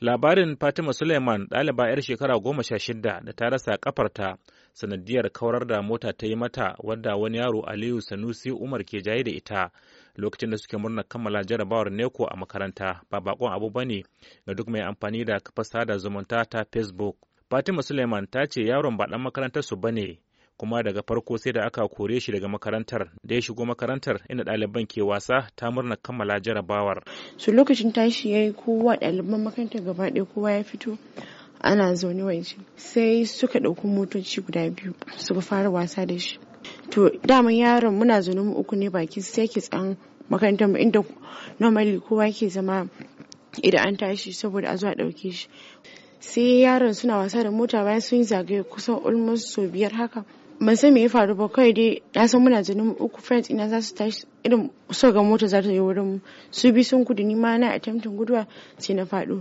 Labarin Fatima Suleiman ɗaliba 'yar shekara goma sha shida da ta rasa kafarta sanadiyar kawar da mota ta yi mata wadda wani yaro Aliyu Sanusi Umar ke jaye da ita lokacin da suke murna kammala jarabawar neko a makaranta ba bakon abu bane ga duk mai amfani da fasa da zumunta ta Facebook. Fatima Suleiman ta ce yaron ba ɗan makarantar su bane kuma daga farko sai da aka kore shi daga makarantar da ya shigo makarantar inda ɗaliban ke wasa ta murna kammala jarabawar su lokacin tashi ya yi kowa ɗaliban makarantar gaba ɗaya kowa ya fito ana zaune waje sai suka ɗauki motoci guda biyu suka fara wasa da shi to daman yaron muna zaune mu uku ne baki sai ke tsan makarantar mu inda normally kowa ke zama idan an tashi saboda a zuwa ɗauke shi sai yaron suna wasa da mota bayan sun yi zagaye kusan almost sau biyar haka ban san me ya faru ba kawai dai na san muna zaune uku friends ina za su tashi irin so ga mota za ta yi wurin su bi sun gudu ni ma na attempting guduwa sai na faɗo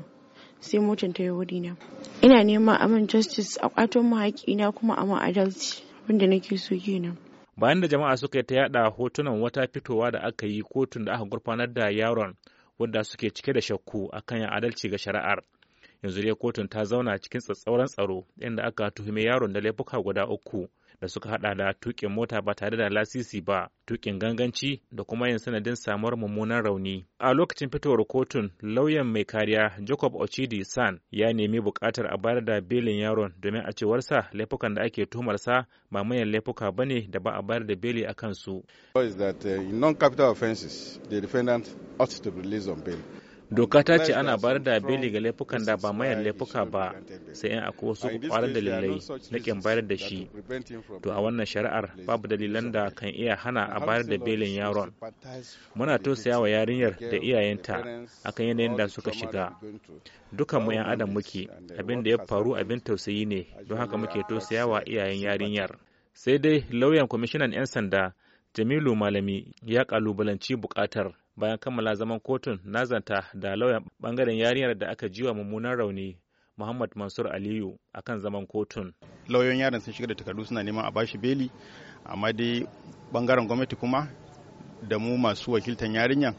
sai motar ta yi wuri na ina neman aman justice a kwaton mu na kuma aman adalci wanda nake so kenan bayan da jama'a suka ta yada hotunan wata fitowa da aka yi kotun da aka gurfanar da yaron wanda suke cike da shakku akan adalci ga shari'ar yanzu dai kotun ta zauna cikin tsatsauran tsaro inda aka tuhumi yaron da laifuka guda uku da suka hada da tukin mota ba tare da lasisi ba tukin ganganci da kuma yin sanadin samuwar mummunan rauni a lokacin fitowar kotun lauyan mai kariya jacob ochidi san ya nemi bukatar a bayar da belin yaron domin a cewarsa laifukan da ake tuhumar sa ba manyan laifuka ba ne da ba a bayar da beli a kansu. Uh, capital the doka ta ce ana bayar da beli ga laifukan da ba mayar laifuka ba sai in akwai wasu kwarar dalilai na kin bayar da shi to a wannan shari'ar babu dalilan da kan iya hana a bayar da belin yaron muna tausaya wa yarinyar da iyayenta akan yanayin da suka shiga dukan mu yan adam muke abin da ya faru abin tausayi ne don haka muke tausaya wa iyayen yarinyar sai dai lauyan kwamishinan 'yan sanda jamilu malami ya kalubalanci bukatar bayan kammala zaman kotun na zata da lauyan bangaren yarinyar da aka jiwa mummunan rauni muhammad mansur aliyu akan zaman kotun lauyoyin yaran sun shiga da takardu suna neman a bashi beli amma dai bangaren gwamnati kuma da mu masu wakiltan yarinyar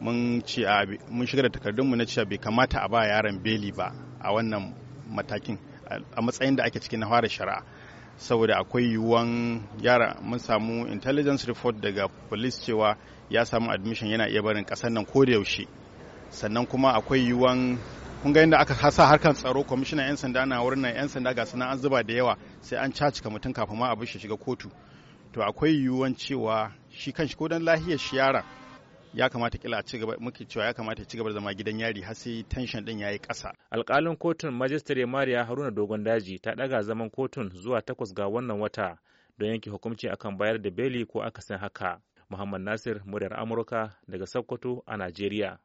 mun shiga da takardun mu na cewa bai kamata a ba yaran beli ba a wannan matakin a matsayin da ake ciki na fara shari'a saboda akwai yiwuwan yara mun samu intelligence report daga police cewa ya samu admission yana iya barin kasar nan ko da yaushe sannan kuma akwai yiwuwan kun ga inda aka hasa harkar tsaro commissioner 'yan sanda na wurin nan 'yan sanda ga suna an zuba da yawa sai an cacika mutum kafin ma abin shi shiga kotu to akwai yiwuwan cewa shi kan ko dan lahiyar shi yaran ya kamata kila a ci gaba muke cewa ya kamata ci gaba zama gidan yari har sai tension din yayi ƙasa alƙalin kotun majistare mariya haruna dogon daji ta ɗaga zaman kotun zuwa takwas ga wannan wata don yanke hukunci akan bayar da beli ko akasin haka muhammad nasir muryar amurka daga sokoto a najeriya